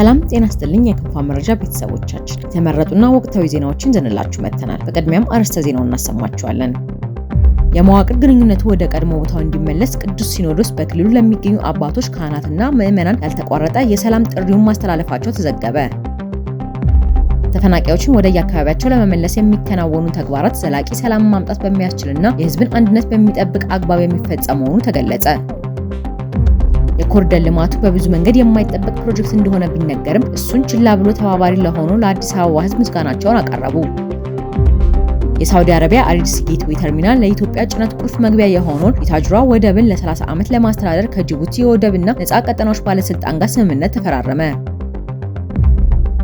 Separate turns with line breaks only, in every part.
ሰላም ጤና ስጥልኝ። የክንፋ መረጃ ቤተሰቦቻችን የተመረጡና ወቅታዊ ዜናዎችን ዘንላችሁ መጥተናል። በቅድሚያም አርዕስተ ዜናውን እናሰማችኋለን። የመዋቅር ግንኙነቱ ወደ ቀድሞ ቦታው እንዲመለስ ቅዱስ ሲኖዶስ በክልሉ ለሚገኙ አባቶች ካህናትና ምዕመናን ያልተቋረጠ የሰላም ጥሪውን ማስተላለፋቸው ተዘገበ። ተፈናቃዮችን ወደ የአካባቢያቸው ለመመለስ የሚከናወኑ ተግባራት ዘላቂ ሰላም ማምጣት በሚያስችልና የሕዝብን አንድነት በሚጠብቅ አግባብ የሚፈጸም መሆኑ ተገለጸ። የኮሪደር ልማቱ በብዙ መንገድ የማይጠበቅ ፕሮጀክት እንደሆነ ቢነገርም እሱን ችላ ብሎ ተባባሪ ለሆኑ ለአዲስ አበባ ሕዝብ ምስጋናቸውን አቀረቡ። የሳውዲ አረቢያ አሪድስ ጌትዌይ ተርሚናል ለኢትዮጵያ ጭነት ቁልፍ መግቢያ የሆነውን የታጅሯ ወደብን ለ30 ዓመት ለማስተዳደር ከጅቡቲ የወደብና ነፃ ቀጠናዎች ባለስልጣን ጋር ስምምነት ተፈራረመ።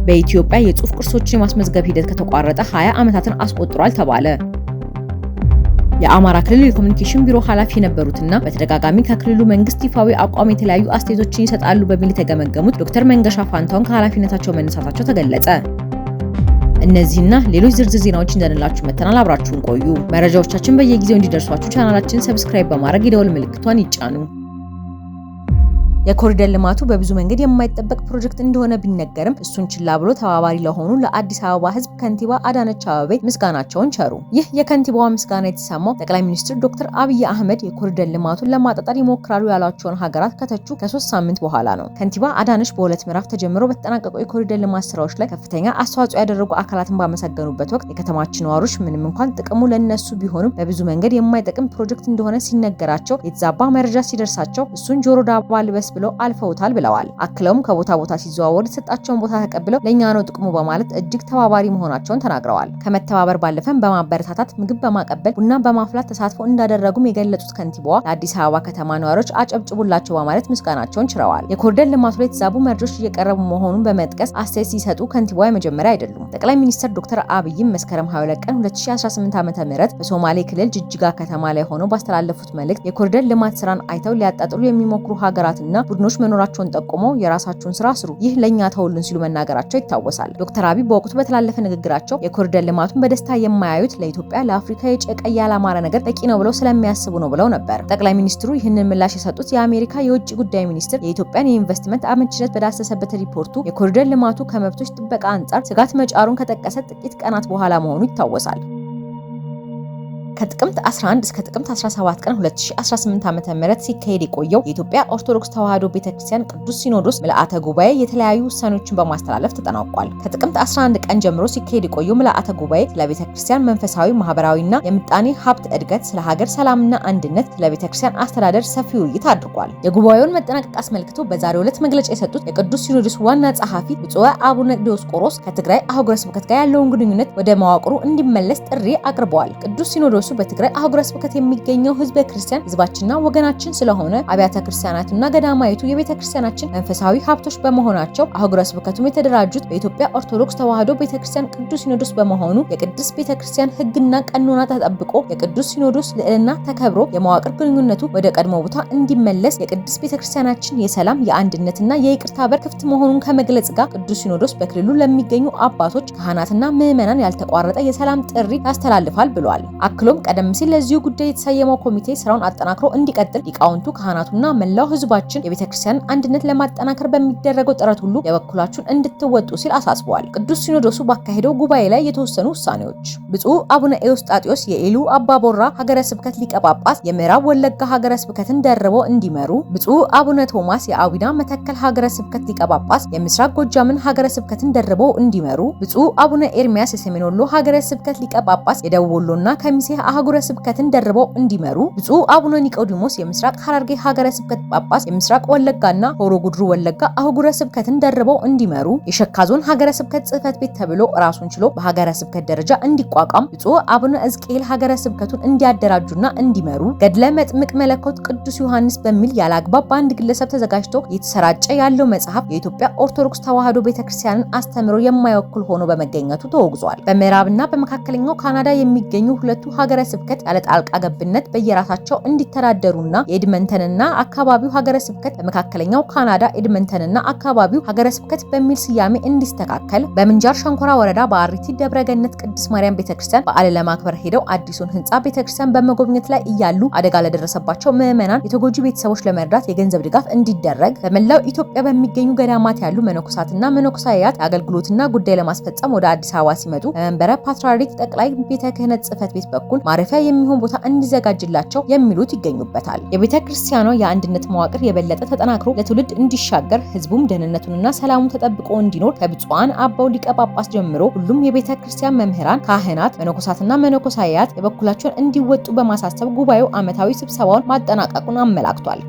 በኢትዮጵያ የጽሑፍ ቅርሶችን የማስመዝገብ ሂደት ከተቋረጠ 20 ዓመታትን አስቆጥሯል ተባለ። የአማራ ክልል የኮሚኒኬሽን ቢሮ ኃላፊ የነበሩትና በተደጋጋሚ ከክልሉ መንግስት ይፋዊ አቋም የተለያዩ አስተያየቶችን ይሰጣሉ በሚል የተገመገሙት ዶክተር መንገሻ ፋንታውን ከኃላፊነታቸው መነሳታቸው ተገለጸ። እነዚህና ሌሎች ዝርዝር ዜናዎች ይዘንላችሁ መተናል። አብራችሁን ቆዩ። መረጃዎቻችን በየጊዜው እንዲደርሷችሁ ቻናላችን ሰብስክራይብ በማድረግ የደወል ምልክቷን ይጫኑ። የኮሪደር ልማቱ በብዙ መንገድ የማይጠበቅ ፕሮጀክት እንደሆነ ቢነገርም እሱን ችላ ብሎ ተባባሪ ለሆኑ ለአዲስ አበባ ህዝብ ከንቲባ አዳነች አበቤ ምስጋናቸውን ቸሩ። ይህ የከንቲባዋ ምስጋና የተሰማው ጠቅላይ ሚኒስትር ዶክተር አብይ አህመድ የኮሪደር ልማቱን ለማጣጣል ይሞክራሉ ያሏቸውን ሀገራት ከተቹ ከሶስት ሳምንት በኋላ ነው። ከንቲባ አዳነች በሁለት ምዕራፍ ተጀምሮ በተጠናቀቀው የኮሪደር ልማት ስራዎች ላይ ከፍተኛ አስተዋጽኦ ያደረጉ አካላትን ባመሰገኑበት ወቅት የከተማችን ነዋሪዎች ምንም እንኳን ጥቅሙ ለነሱ ቢሆንም በብዙ መንገድ የማይጠቅም ፕሮጀክት እንደሆነ ሲነገራቸው፣ የተዛባ መረጃ ሲደርሳቸው እሱን ጆሮ ዳባ ልበስ ብለው አልፈውታል ብለዋል። አክለውም ከቦታ ቦታ ሲዘዋወር የተሰጣቸውን ቦታ ተቀብለው ለእኛ ነው ጥቅሙ በማለት እጅግ ተባባሪ መሆናቸውን ተናግረዋል። ከመተባበር ባለፈም በማበረታታት ምግብ በማቀበል ቡና በማፍላት ተሳትፎ እንዳደረጉም የገለጹት ከንቲባዋ ለአዲስ አበባ ከተማ ነዋሪዎች አጨብጭቡላቸው በማለት ምስጋናቸውን ችረዋል። የኮሪደር ልማቱ ላይ የተዛቡ መርጆች እየቀረቡ መሆኑን በመጥቀስ አስተያየት ሲሰጡ ከንቲባዋ የመጀመሪያ አይደሉም። ጠቅላይ ሚኒስትር ዶክተር አብይም መስከረም 22 ቀን 2018 ዓ.ም በሶማሌ ክልል ጅጅጋ ከተማ ላይ ሆነው ባስተላለፉት መልእክት የኮሪደር ልማት ስራን አይተው ሊያጣጥሉ የሚሞክሩ ሀገራትና ቡድኖች መኖራቸውን ጠቁሞ የራሳችሁን ስራ ስሩ፣ ይህ ለእኛ ተውልን ሲሉ መናገራቸው ይታወሳል። ዶክተር አብይ በወቅቱ በተላለፈ ንግግራቸው የኮሪደር ልማቱን በደስታ የማያዩት ለኢትዮጵያ ለአፍሪካ የጨቀ ያላማረ ነገር በቂ ነው ብለው ስለሚያስቡ ነው ብለው ነበር። ጠቅላይ ሚኒስትሩ ይህንን ምላሽ የሰጡት የአሜሪካ የውጭ ጉዳይ ሚኒስትር የኢትዮጵያን የኢንቨስትመንት አመችነት በዳሰሰበት ሪፖርቱ የኮሪደር ልማቱ ከመብቶች ጥበቃ አንጻር ስጋት መጫሩን ከጠቀሰ ጥቂት ቀናት በኋላ መሆኑ ይታወሳል። ከጥቅምት 11 እስከ ጥቅምት 17 ቀን 2018 ዓ.ም ሲካሄድ የቆየው የኢትዮጵያ ኦርቶዶክስ ተዋሕዶ ቤተክርስቲያን ቅዱስ ሲኖዶስ ምልአተ ጉባኤ የተለያዩ ውሳኔዎችን በማስተላለፍ ተጠናቋል። ከጥቅምት 11 ቀን ጀምሮ ሲካሄድ የቆየው ምልአተ ጉባኤ ስለ ቤተክርስቲያን መንፈሳዊ፣ ማህበራዊና የምጣኔ ሀብት እድገት፣ ስለ ሀገር ሰላምና አንድነት፣ ስለ ቤተክርስቲያን አስተዳደር ሰፊ ውይይት አድርጓል። የጉባኤውን መጠናቀቅ አስመልክቶ በዛሬው ዕለት መግለጫ የሰጡት የቅዱስ ሲኖዶስ ዋና ጸሐፊ ብፁዕ አቡነ ዲዮስቆሮስ ከትግራይ አህጉረ ስብከት ጋር ያለውን ግንኙነት ወደ መዋቅሩ እንዲመለስ ጥሪ አቅርበዋል። ቅዱስ ሲኖዶስ እርሱ በትግራይ አህጉረ ስብከት የሚገኘው ህዝበ ክርስቲያን ህዝባችንና ወገናችን ስለሆነ አብያተ ክርስቲያናትና ገዳማይቱ የቤተ ክርስቲያናችን መንፈሳዊ ሀብቶች በመሆናቸው አህጉረ ስብከቱም የተደራጁት በኢትዮጵያ ኦርቶዶክስ ተዋሕዶ ቤተ ክርስቲያን ቅዱስ ሲኖዶስ በመሆኑ የቅዱስ ቤተ ክርስቲያን ህግና ቀኖና ተጠብቆ የቅዱስ ሲኖዶስ ልዕልና ተከብሮ የመዋቅር ግንኙነቱ ወደ ቀድሞ ቦታ እንዲመለስ የቅዱስ ቤተ ክርስቲያናችን የሰላም የአንድነትና የይቅርታ በር ክፍት መሆኑን ከመግለጽ ጋር ቅዱስ ሲኖዶስ በክልሉ ለሚገኙ አባቶች ካህናትና ምዕመናን ያልተቋረጠ የሰላም ጥሪ ያስተላልፋል ብሏል። አክሎ አክሎም ቀደም ሲል ለዚሁ ጉዳይ የተሰየመው ኮሚቴ ስራውን አጠናክሮ እንዲቀጥል ሊቃውንቱ፣ ካህናቱና መላው ህዝባችን የቤተክርስቲያንን አንድነት ለማጠናከር በሚደረገው ጥረት ሁሉ የበኩላችሁን እንድትወጡ ሲል አሳስበዋል። ቅዱስ ሲኖዶሱ ባካሄደው ጉባኤ ላይ የተወሰኑ ውሳኔዎች ብፁዕ አቡነ ኤዎስጣቴዎስ የኢሉ አባቦራ ሀገረ ስብከት ሊቀ ጳጳስ የምዕራብ ወለጋ ሀገረ ስብከትን ደርበው እንዲመሩ፣ ብፁዕ አቡነ ቶማስ የአዊና መተከል ሀገረ ስብከት ሊቀጳጳስ፣ የምስራቅ ጎጃምን ሀገረ ስብከትን ደርበው እንዲመሩ፣ ብፁዕ አቡነ ኤርሚያስ የሰሜን ወሎ ሀገረ ስብከት ሊቀ ጳጳስ የደቡብ ወሎና ከሚሴ አህጉረ ስብከትን ደርበው እንዲመሩ ብፁዕ አቡነ ኒቆዲሞስ የምስራቅ ሐረርጌ ሀገረ ስብከት ጳጳስ የምስራቅ ወለጋና ሆሮ ጉድሩ ወለጋ አህጉረ ስብከትን ደርበው እንዲመሩ የሸካ ዞን ሀገረ ስብከት ጽህፈት ቤት ተብሎ ራሱን ችሎ በሀገረ ስብከት ደረጃ እንዲቋቋም ብፁዕ አቡነ እዝቅኤል ሀገረ ስብከቱን እንዲያደራጁና እንዲመሩ ገድለ መጥምቅ መለኮት ቅዱስ ዮሐንስ በሚል ያለአግባብ በአንድ ግለሰብ ተዘጋጅቶ የተሰራጨ ያለው መጽሐፍ የኢትዮጵያ ኦርቶዶክስ ተዋሕዶ ቤተክርስቲያንን አስተምሮ የማይወክል ሆኖ በመገኘቱ ተወግዟል። በምዕራብና በመካከለኛው ካናዳ የሚገኙ ሁለቱ ሀገረ ሀገረ ስብከት ያለ ጣልቃ ገብነት በየራሳቸው እንዲተዳደሩና የኤድመንተንና አካባቢው ሀገረ ስብከት በመካከለኛው ካናዳ ኤድመንተንና አካባቢው ሀገረ ስብከት በሚል ስያሜ እንዲስተካከል በምንጃር ሸንኮራ ወረዳ በአሪቲ ደብረገነት ቅድስት ማርያም ቤተክርስቲያን በዓል ለማክበር ሄደው አዲሱን ህንፃ ቤተክርስቲያን በመጎብኘት ላይ እያሉ አደጋ ለደረሰባቸው ምዕመናን የተጎጂ ቤተሰቦች ለመርዳት የገንዘብ ድጋፍ እንዲደረግ በመላው ኢትዮጵያ በሚገኙ ገዳማት ያሉ መነኮሳትና መነኮሳያት የአገልግሎትና ጉዳይ ለማስፈጸም ወደ አዲስ አበባ ሲመጡ በመንበረ ፓትርያርክ ጠቅላይ ቤተ ክህነት ጽህፈት ቤት በኩል ማረፊያ የሚሆን ቦታ እንዲዘጋጅላቸው የሚሉት ይገኙበታል። የቤተ ክርስቲያኗ የአንድነት መዋቅር የበለጠ ተጠናክሮ ለትውልድ እንዲሻገር ህዝቡም ደህንነቱንና ሰላሙ ተጠብቆ እንዲኖር ከብፁዓን አበው ሊቀ ጳጳስ ጀምሮ ሁሉም የቤተ ክርስቲያን መምህራን፣ ካህናት፣ መነኮሳትና መነኮሳያት የበኩላቸውን እንዲወጡ በማሳሰብ ጉባኤው ዓመታዊ ስብሰባውን ማጠናቀቁን አመላክቷል።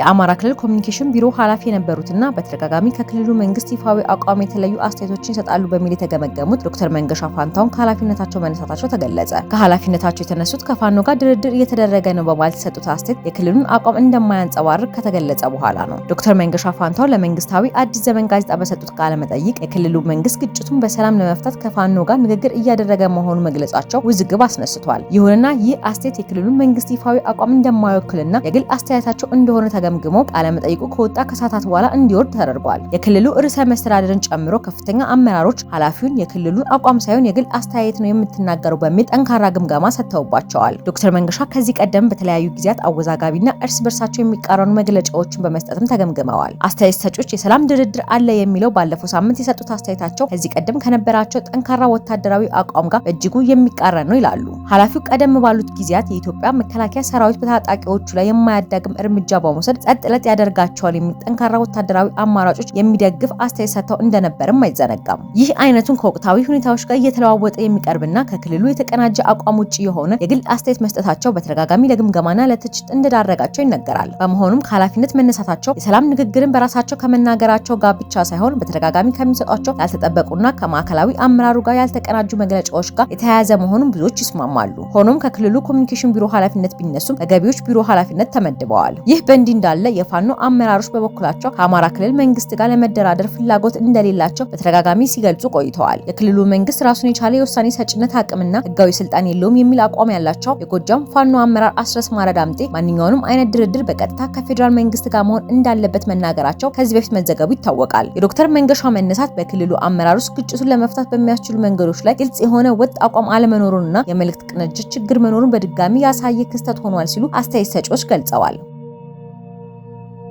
የአማራ ክልል ኮሚኒኬሽን ቢሮ ኃላፊ የነበሩትና በተደጋጋሚ ከክልሉ መንግስት ይፋዊ አቋም የተለዩ አስተያየቶችን ይሰጣሉ በሚል የተገመገሙት ዶክተር መንገሻ ፋንታውን ከኃላፊነታቸው መነሳታቸው ተገለጸ። ከኃላፊነታቸው የተነሱት ከፋኖ ጋር ድርድር እየተደረገ ነው በማለት የሰጡት አስተያየት የክልሉን አቋም እንደማያንጸባርቅ ከተገለጸ በኋላ ነው። ዶክተር መንገሻ ፋንታው ለመንግስታዊ አዲስ ዘመን ጋዜጣ በሰጡት ቃለ መጠይቅ የክልሉ መንግስት ግጭቱን በሰላም ለመፍታት ከፋኖ ጋር ንግግር እያደረገ መሆኑ መግለጻቸው ውዝግብ አስነስቷል። ይሁንና ይህ አስተያየት የክልሉን መንግስት ይፋዊ አቋም እንደማይወክልና የግል አስተያየታቸው እንደሆነ ተገ ተገምግሞ መጠይቁ ከወጣ ከሰዓታት በኋላ እንዲወርድ ተደርጓል። የክልሉ ርዕሰ መስተዳድርን ጨምሮ ከፍተኛ አመራሮች ኃላፊውን የክልሉን አቋም ሳይሆን የግል አስተያየት ነው የምትናገረው በሚል ጠንካራ ግምገማ ሰጥተውባቸዋል። ዶክተር መንገሻ ከዚህ ቀደም በተለያዩ ጊዜያት አወዛጋቢና እርስ በርሳቸው የሚቃረኑ መግለጫዎችን በመስጠትም ተገምግመዋል። አስተያየት ሰጮች የሰላም ድርድር አለ የሚለው ባለፈው ሳምንት የሰጡት አስተያየታቸው ከዚህ ቀደም ከነበራቸው ጠንካራ ወታደራዊ አቋም ጋር በእጅጉ የሚቃረን ነው ይላሉ። ኃላፊው ቀደም ባሉት ጊዜያት የኢትዮጵያ መከላከያ ሰራዊት በታጣቂዎቹ ላይ የማያዳግም እርምጃ በመውሰድ ጸጥ ለጥ ያደርጋቸዋል የሚል ጠንካራ ወታደራዊ አማራጮች የሚደግፍ አስተያየት ሰጥተው እንደነበርም አይዘነጋም። ይህ አይነቱን ከወቅታዊ ሁኔታዎች ጋር እየተለዋወጠ የሚቀርብና ከክልሉ የተቀናጀ አቋም ውጭ የሆነ የግል አስተያየት መስጠታቸው በተደጋጋሚ ለግምገማና ለትችት እንደዳረጋቸው ይነገራል። በመሆኑም ከኃላፊነት መነሳታቸው የሰላም ንግግርን በራሳቸው ከመናገራቸው ጋር ብቻ ሳይሆን በተደጋጋሚ ከሚሰጧቸው ያልተጠበቁና ከማዕከላዊ አመራሩ ጋር ያልተቀናጁ መግለጫዎች ጋር የተያያዘ መሆኑን ብዙዎች ይስማማሉ። ሆኖም ከክልሉ ኮሚኒኬሽን ቢሮ ኃላፊነት ቢነሱም በገቢዎች ቢሮ ኃላፊነት ተመድበዋል። ይህ በእንዲህ እንዳለ የፋኖ አመራሮች በበኩላቸው ከአማራ ክልል መንግስት ጋር ለመደራደር ፍላጎት እንደሌላቸው በተደጋጋሚ ሲገልጹ ቆይተዋል። የክልሉ መንግስት ራሱን የቻለ የውሳኔ ሰጭነት አቅምና ህጋዊ ስልጣን የለውም የሚል አቋም ያላቸው የጎጃም ፋኖ አመራር አስረስ ማረ ዳምጤ ማንኛውንም አይነት ድርድር በቀጥታ ከፌዴራል መንግስት ጋር መሆን እንዳለበት መናገራቸው ከዚህ በፊት መዘገቡ ይታወቃል። የዶክተር መንገሻ መነሳት በክልሉ አመራር ውስጥ ግጭቱን ለመፍታት በሚያስችሉ መንገዶች ላይ ግልጽ የሆነ ወጥ አቋም አለመኖሩንና የመልእክት ቅንጅት ችግር መኖሩን በድጋሚ ያሳየ ክስተት ሆኗል ሲሉ አስተያየት ሰጪዎች ገልጸዋል።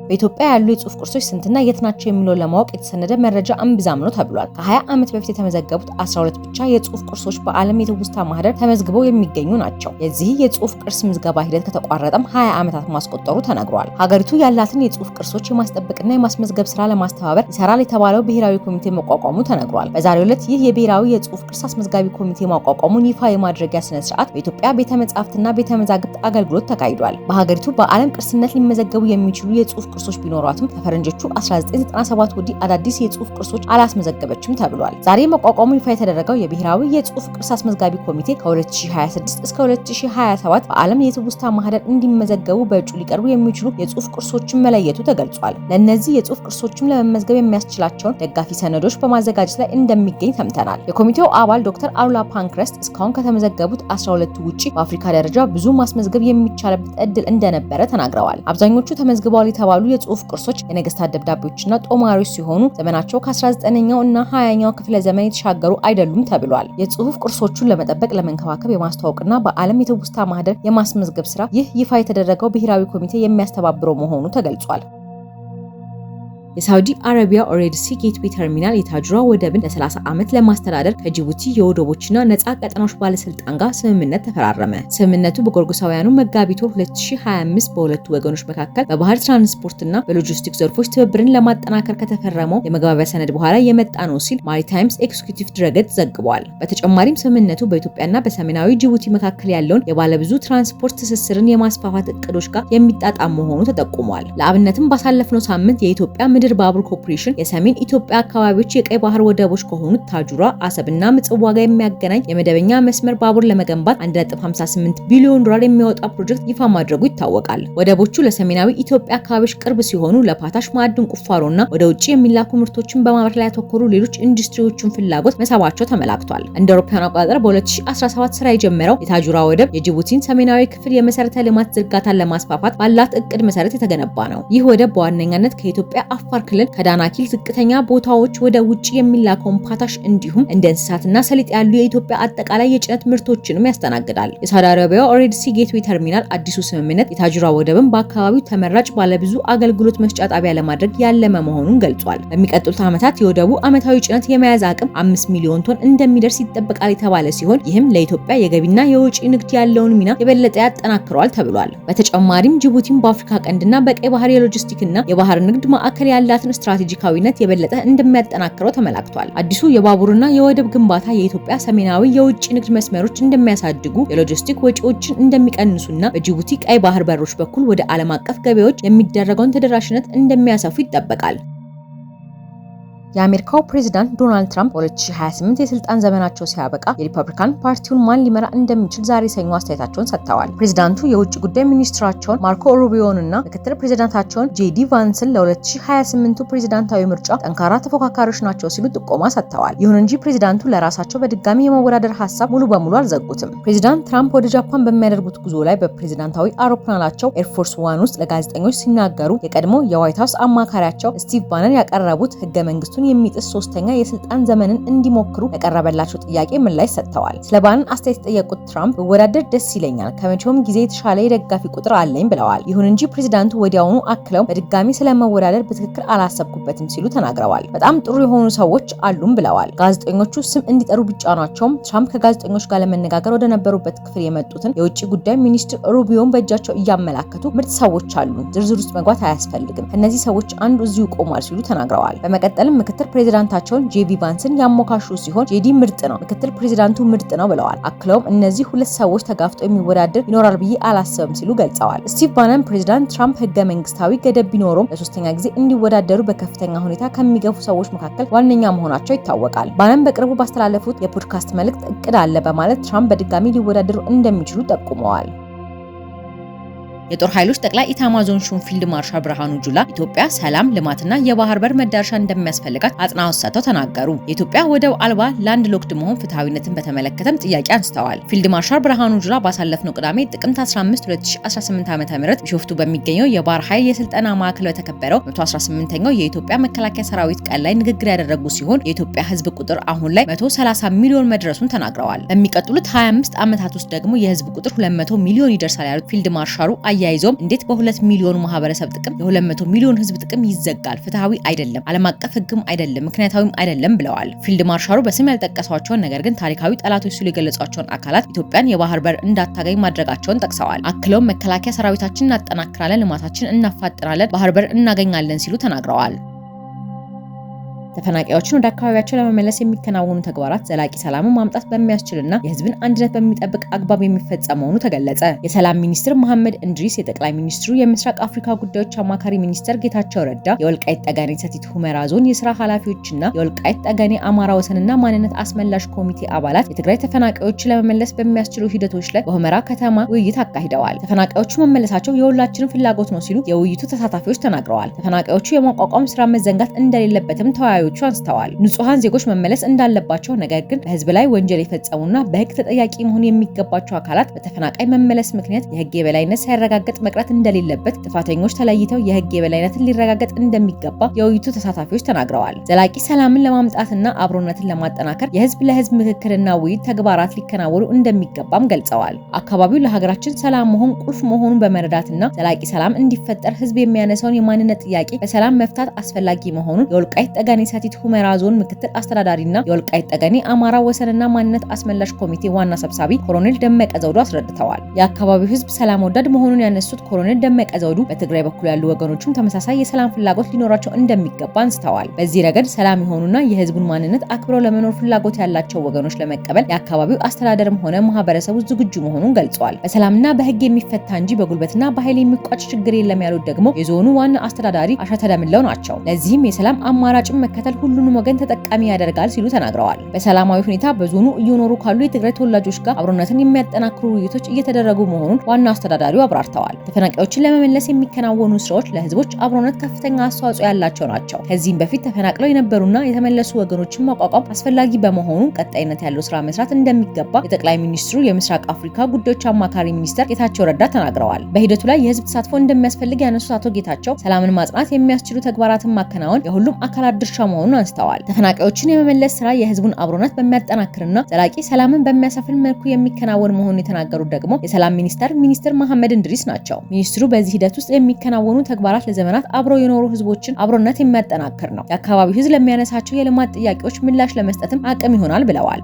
በኢትዮጵያ ያሉ የጽሁፍ ቅርሶች ስንትና የት ናቸው የሚለውን ለማወቅ የተሰነደ መረጃ እምብዛም ነው ተብሏል። ከ20 ዓመት በፊት የተመዘገቡት 12 ብቻ የጽሁፍ ቅርሶች በዓለም የትውስታ ማህደር ተመዝግበው የሚገኙ ናቸው። የዚህ የጽሁፍ ቅርስ ምዝገባ ሂደት ከተቋረጠም 20 ዓመታት ማስቆጠሩ ተነግሯል። ሀገሪቱ ያላትን የጽሁፍ ቅርሶች የማስጠበቅና የማስመዝገብ ስራ ለማስተባበር ይሰራል የተባለው ብሔራዊ ኮሚቴ መቋቋሙ ተነግሯል። በዛሬው ዕለት ይህ የብሔራዊ የጽሁፍ ቅርስ አስመዝጋቢ ኮሚቴ ማቋቋሙን ይፋ የማድረጊያ ስነ ስርዓት በኢትዮጵያ ቤተ መጻሕፍትና ቤተ መዛግብት አገልግሎት ተካሂዷል። በሀገሪቱ በዓለም ቅርስነት ሊመዘገቡ የሚችሉ የጽሁፍ ቅርሶች ቢኖሯትም ከፈረንጆቹ 1997 ወዲህ አዳዲስ የጽሁፍ ቅርሶች አላስመዘገበችም ተብሏል። ዛሬ መቋቋሙ ይፋ የተደረገው የብሔራዊ የጽሁፍ ቅርስ አስመዝጋቢ ኮሚቴ ከ2026 እስከ 2027 በዓለም የትውስታ ማህደር እንዲመዘገቡ በእጩ ሊቀርቡ የሚችሉ የጽሁፍ ቅርሶችን መለየቱ ተገልጿል። ለእነዚህ የጽሁፍ ቅርሶችም ለመመዝገብ የሚያስችላቸውን ደጋፊ ሰነዶች በማዘጋጀት ላይ እንደሚገኝ ሰምተናል። የኮሚቴው አባል ዶክተር አሉላ ፓንክረስት እስካሁን ከተመዘገቡት 12 ውጭ በአፍሪካ ደረጃ ብዙ ማስመዝገብ የሚቻልበት እድል እንደነበረ ተናግረዋል። አብዛኞቹ ተመዝግበዋል የተባሉ የጽሁፍ ቅርሶች የነገስታት ደብዳቤዎችና ጦማሪዎች ሲሆኑ ዘመናቸው ከ19ኛው እና 20ኛው ክፍለ ዘመን የተሻገሩ አይደሉም ተብሏል። የጽሁፍ ቅርሶቹን ለመጠበቅ፣ ለመንከባከብ፣ የማስተዋወቅና በዓለም የትውስታ ማህደር የማስመዝገብ ስራ ይህ ይፋ የተደረገው ብሔራዊ ኮሚቴ የሚያስተባብረው መሆኑ ተገልጿል። የሳውዲ አረቢያ ኦሬድ ሲ ጌትዌ ተርሚናል የታጅራ ወደብን ለ30 ዓመት ለማስተዳደር ከጅቡቲ የወደቦችና ነጻ ቀጠናዎች ባለስልጣን ጋር ስምምነት ተፈራረመ። ስምምነቱ በጎርጎሳውያኑ መጋቢት ወር 2025 በሁለቱ ወገኖች መካከል በባህር ትራንስፖርትና በሎጂስቲክስ ዘርፎች ትብብርን ለማጠናከር ከተፈረመው የመግባቢያ ሰነድ በኋላ የመጣ ነው ሲል ማሪታይምስ ኤክስኪዩቲቭ ድረገጽ ዘግቧል። በተጨማሪም ስምምነቱ በኢትዮጵያና በሰሜናዊ ጅቡቲ መካከል ያለውን የባለብዙ ትራንስፖርት ትስስርን የማስፋፋት እቅዶች ጋር የሚጣጣም መሆኑ ተጠቁሟል። ለአብነትም ባሳለፍነው ሳምንት የኢትዮጵያ ምድር የምድር ባቡር ኮርፖሬሽን የሰሜን ኢትዮጵያ አካባቢዎች የቀይ ባህር ወደቦች ከሆኑት ታጁራ፣ አሰብና ምጽዋ ጋር የሚያገናኝ የመደበኛ መስመር ባቡር ለመገንባት 1.58 ቢሊዮን ዶላር የሚያወጣ ፕሮጀክት ይፋ ማድረጉ ይታወቃል። ወደቦቹ ለሰሜናዊ ኢትዮጵያ አካባቢዎች ቅርብ ሲሆኑ ለፓታሽ ማዕድን ቁፋሮና ወደ ውጭ የሚላኩ ምርቶችን በማምረት ላይ ያተኮሩ ሌሎች ኢንዱስትሪዎችን ፍላጎት መሳባቸው ተመላክቷል። እንደ አውሮፓውያን አቆጣጠር በ2017 ስራ የጀመረው የታጁራ ወደብ የጅቡቲን ሰሜናዊ ክፍል የመሰረተ ልማት ዝርጋታን ለማስፋፋት ባላት እቅድ መሰረት የተገነባ ነው። ይህ ወደብ በዋነኛነት ከኢትዮጵያ አፋር በአፋር ክልል ከዳናኪል ዝቅተኛ ቦታዎች ወደ ውጭ የሚላከውን ፓታሽ እንዲሁም እንደ እንስሳትና ሰሊጥ ያሉ የኢትዮጵያ አጠቃላይ የጭነት ምርቶችንም ያስተናግዳል። የሳውዲ አረቢያው ሬድ ሲ ጌትዌይ ተርሚናል አዲሱ ስምምነት የታጅራ ወደብን በአካባቢው ተመራጭ ባለብዙ አገልግሎት መስጫ ጣቢያ ለማድረግ ያለመ መሆኑን ገልጿል። በሚቀጥሉት ዓመታት የወደቡ ዓመታዊ ጭነት የመያዝ አቅም አምስት ሚሊዮን ቶን እንደሚደርስ ይጠበቃል የተባለ ሲሆን ይህም ለኢትዮጵያ የገቢና የውጪ ንግድ ያለውን ሚና የበለጠ ያጠናክረዋል ተብሏል። በተጨማሪም ጅቡቲም በአፍሪካ ቀንድና በቀይ ባህር የሎጂስቲክና የባህር ንግድ ማዕከል ያለ ያላትን ስትራቴጂካዊነት የበለጠ እንደሚያጠናክረው ተመላክቷል። አዲሱ የባቡርና የወደብ ግንባታ የኢትዮጵያ ሰሜናዊ የውጭ ንግድ መስመሮች እንደሚያሳድጉ፣ የሎጂስቲክ ወጪዎችን እንደሚቀንሱና በጅቡቲ ቀይ ባህር በሮች በኩል ወደ ዓለም አቀፍ ገበያዎች የሚደረገውን ተደራሽነት እንደሚያሰፉ ይጠበቃል። የአሜሪካው ፕሬዚዳንት ዶናልድ ትራምፕ በ2028 የስልጣን ዘመናቸው ሲያበቃ የሪፐብሊካን ፓርቲውን ማን ሊመራ እንደሚችል ዛሬ ሰኞ አስተያየታቸውን ሰጥተዋል። ፕሬዚዳንቱ የውጭ ጉዳይ ሚኒስትራቸውን ማርኮ ሩቢዮንና ምክትል ፕሬዚዳንታቸውን ጄዲ ቫንስን ለ2028ቱ ፕሬዚዳንታዊ ምርጫ ጠንካራ ተፎካካሪዎች ናቸው ሲሉ ጥቆማ ሰጥተዋል። ይሁን እንጂ ፕሬዚዳንቱ ለራሳቸው በድጋሚ የመወዳደር ሀሳብ ሙሉ በሙሉ አልዘጉትም። ፕሬዚዳንት ትራምፕ ወደ ጃፓን በሚያደርጉት ጉዞ ላይ በፕሬዚዳንታዊ አውሮፕላናቸው ኤርፎርስ ዋን ውስጥ ለጋዜጠኞች ሲናገሩ የቀድሞ የዋይት ሀውስ አማካሪያቸው ስቲቭ ባነን ያቀረቡት ህገ መንግስቱ መብቱን የሚጥስ ሶስተኛ የስልጣን ዘመንን እንዲሞክሩ ለቀረበላቸው ጥያቄ ምላሽ ሰጥተዋል። ስለ ባንን አስተያየት የጠየቁት ትራምፕ ብወዳደር ደስ ይለኛል፣ ከመቼውም ጊዜ የተሻለ የደጋፊ ቁጥር አለኝ ብለዋል። ይሁን እንጂ ፕሬዚዳንቱ ወዲያውኑ አክለው በድጋሚ ስለመወዳደር በትክክል አላሰብኩበትም ሲሉ ተናግረዋል። በጣም ጥሩ የሆኑ ሰዎች አሉም ብለዋል። ጋዜጠኞቹ ስም እንዲጠሩ ቢጫናቸውም ትራምፕ ከጋዜጠኞች ጋር ለመነጋገር ወደ ነበሩበት ክፍል የመጡትን የውጭ ጉዳይ ሚኒስትር ሩቢዮን በእጃቸው እያመላከቱ ምርጥ ሰዎች አሉ፣ ዝርዝር ውስጥ መግባት አያስፈልግም፣ ከእነዚህ ሰዎች አንዱ እዚሁ ቆሟል ሲሉ ተናግረዋል። በመቀጠልም ምክትል ፕሬዚዳንታቸውን ጄቢ ቫንስን ያሞካሹ ሲሆን ጄዲ ምርጥ ነው፣ ምክትል ፕሬዚዳንቱ ምርጥ ነው ብለዋል። አክለውም እነዚህ ሁለት ሰዎች ተጋፍጦ የሚወዳደር ይኖራል ብዬ አላሰብም ሲሉ ገልጸዋል። ስቲቭ ባነን ፕሬዚዳንት ትራምፕ ህገ መንግስታዊ ገደብ ቢኖሩም ለሶስተኛ ጊዜ እንዲወዳደሩ በከፍተኛ ሁኔታ ከሚገፉ ሰዎች መካከል ዋነኛ መሆናቸው ይታወቃል። ባነን በቅርቡ ባስተላለፉት የፖድካስት መልእክት እቅድ አለ በማለት ትራምፕ በድጋሚ ሊወዳደሩ እንደሚችሉ ጠቁመዋል። የጦር ኃይሎች ጠቅላይ ኢታማዞን ሹም ፊልድ ማርሻል ብርሃኑ ጁላ ኢትዮጵያ ሰላም፣ ልማትና የባህር በር መዳረሻ እንደሚያስፈልጋት አጽንኦት ሰጥተው ተናገሩ። የኢትዮጵያ ወደብ አልባ ላንድ ሎክድ መሆን ፍትሐዊነትን በተመለከተም ጥያቄ አንስተዋል። ፊልድ ማርሻል ብርሃኑ ጁላ ባሳለፍነው ቅዳሜ ጥቅምት 15 2018 ዓ.ም ቢሾፍቱ በሚገኘው የባህር ኃይል የስልጠና ማዕከል በተከበረው 118ኛው የኢትዮጵያ መከላከያ ሰራዊት ቀን ላይ ንግግር ያደረጉ ሲሆን የኢትዮጵያ ህዝብ ቁጥር አሁን ላይ 130 ሚሊዮን መድረሱን ተናግረዋል። በሚቀጥሉት 25 ዓመታት ውስጥ ደግሞ የሕዝብ ቁጥር 200 ሚሊዮን ይደርሳል ያሉት ፊልድ ማርሻሉ አያይዞም እንዴት በሁለት ሚሊዮን ማህበረሰብ ጥቅም የሁለት መቶ ሚሊዮን ህዝብ ጥቅም ይዘጋል? ፍትሐዊ አይደለም፣ ዓለም አቀፍ ህግም አይደለም፣ ምክንያታዊም አይደለም ብለዋል። ፊልድ ማርሻሉ በስም ያልጠቀሷቸውን ነገር ግን ታሪካዊ ጠላቶች ሲሉ የገለጿቸውን አካላት ኢትዮጵያን የባህር በር እንዳታገኝ ማድረጋቸውን ጠቅሰዋል። አክለውም መከላከያ ሰራዊታችን እናጠናክራለን፣ ልማታችን እናፋጥናለን፣ ባህር በር እናገኛለን ሲሉ ተናግረዋል። ተፈናቃዮችን ወደ አካባቢያቸው ለመመለስ የሚከናወኑ ተግባራት ዘላቂ ሰላምን ማምጣት በሚያስችልና የህዝብን አንድነት በሚጠብቅ አግባብ የሚፈጸም መሆኑ ተገለጸ። የሰላም ሚኒስትር መሐመድ እንድሪስ፣ የጠቅላይ ሚኒስትሩ የምስራቅ አፍሪካ ጉዳዮች አማካሪ ሚኒስትር ጌታቸው ረዳ፣ የወልቃይት ጠገኔ ሰቲት ሁመራ ዞን የስራ ኃላፊዎችና የወልቃይት ጠገኔ አማራ ወሰንና ማንነት አስመላሽ ኮሚቴ አባላት የትግራይ ተፈናቃዮችን ለመመለስ በሚያስችሉ ሂደቶች ላይ በሁመራ ከተማ ውይይት አካሂደዋል። ተፈናቃዮቹ መመለሳቸው የሁላችንም ፍላጎት ነው ሲሉ የውይይቱ ተሳታፊዎች ተናግረዋል። ተፈናቃዮቹ የማቋቋም ስራ መዘንጋት እንደሌለበትም ተወያዩ ተወካዮቹ አንስተዋል። ንጹሐን ዜጎች መመለስ እንዳለባቸው፣ ነገር ግን በህዝብ ላይ ወንጀል የፈጸሙና በህግ ተጠያቂ መሆን የሚገባቸው አካላት በተፈናቃይ መመለስ ምክንያት የህግ የበላይነት ሳይረጋገጥ መቅረት እንደሌለበት፣ ጥፋተኞች ተለይተው የህግ የበላይነትን ሊረጋገጥ እንደሚገባ የውይይቱ ተሳታፊዎች ተናግረዋል። ዘላቂ ሰላምን ለማምጣትና አብሮነትን ለማጠናከር የህዝብ ለህዝብ ምክክርና ውይይት ተግባራት ሊከናወኑ እንደሚገባም ገልጸዋል። አካባቢው ለሀገራችን ሰላም መሆን ቁልፍ መሆኑን በመረዳትና ዘላቂ ሰላም እንዲፈጠር ህዝብ የሚያነሳውን የማንነት ጥያቄ በሰላም መፍታት አስፈላጊ መሆኑን የወልቃይት ጠገዴ የሰቲት ሁመራ ዞን ምክትል አስተዳዳሪና የወልቃይት ጠገኔ አማራ ወሰንና ማንነት አስመላሽ ኮሚቴ ዋና ሰብሳቢ ኮሎኔል ደመቀ ዘውዱ አስረድተዋል። የአካባቢው ህዝብ ሰላም ወዳድ መሆኑን ያነሱት ኮሎኔል ደመቀ ዘውዱ በትግራይ በኩል ያሉ ወገኖችም ተመሳሳይ የሰላም ፍላጎት ሊኖራቸው እንደሚገባ አንስተዋል። በዚህ ረገድ ሰላም የሆኑና የህዝቡን ማንነት አክብረው ለመኖር ፍላጎት ያላቸው ወገኖች ለመቀበል የአካባቢው አስተዳደርም ሆነ ማህበረሰቡ ዝግጁ መሆኑን ገልጸዋል። በሰላምና በህግ የሚፈታ እንጂ በጉልበትና በኃይል የሚቋጭ ችግር የለም ያሉት ደግሞ የዞኑ ዋና አስተዳዳሪ አሸተደምለው ናቸው። ለዚህም የሰላም አማራጭን መከተል መከተል ሁሉንም ወገን ተጠቃሚ ያደርጋል ሲሉ ተናግረዋል። በሰላማዊ ሁኔታ በዞኑ እየኖሩ ካሉ የትግራይ ተወላጆች ጋር አብሮነትን የሚያጠናክሩ ውይይቶች እየተደረጉ መሆኑን ዋና አስተዳዳሪው አብራርተዋል። ተፈናቃዮችን ለመመለስ የሚከናወኑ ስራዎች ለህዝቦች አብሮነት ከፍተኛ አስተዋጽኦ ያላቸው ናቸው። ከዚህም በፊት ተፈናቅለው የነበሩና የተመለሱ ወገኖችን ማቋቋም አስፈላጊ በመሆኑ ቀጣይነት ያለው ስራ መስራት እንደሚገባ የጠቅላይ ሚኒስትሩ የምስራቅ አፍሪካ ጉዳዮች አማካሪ ሚኒስትር ጌታቸው ረዳ ተናግረዋል። በሂደቱ ላይ የህዝብ ተሳትፎ እንደሚያስፈልግ ያነሱት አቶ ጌታቸው ሰላምን ማጽናት የሚያስችሉ ተግባራትን ማከናወን የሁሉም አካላት ድርሻ መሆኑን አንስተዋል። ተፈናቃዮችን የመመለስ ስራ የህዝቡን አብሮነት በሚያጠናክርና ዘላቂ ሰላምን በሚያሰፍን መልኩ የሚከናወን መሆኑን የተናገሩት ደግሞ የሰላም ሚኒስተር ሚኒስትር መሐመድ እንድሪስ ናቸው። ሚኒስትሩ በዚህ ሂደት ውስጥ የሚከናወኑ ተግባራት ለዘመናት አብረው የኖሩ ህዝቦችን አብሮነት የሚያጠናክር ነው። የአካባቢው ህዝብ ለሚያነሳቸው የልማት ጥያቄዎች ምላሽ ለመስጠትም አቅም ይሆናል ብለዋል።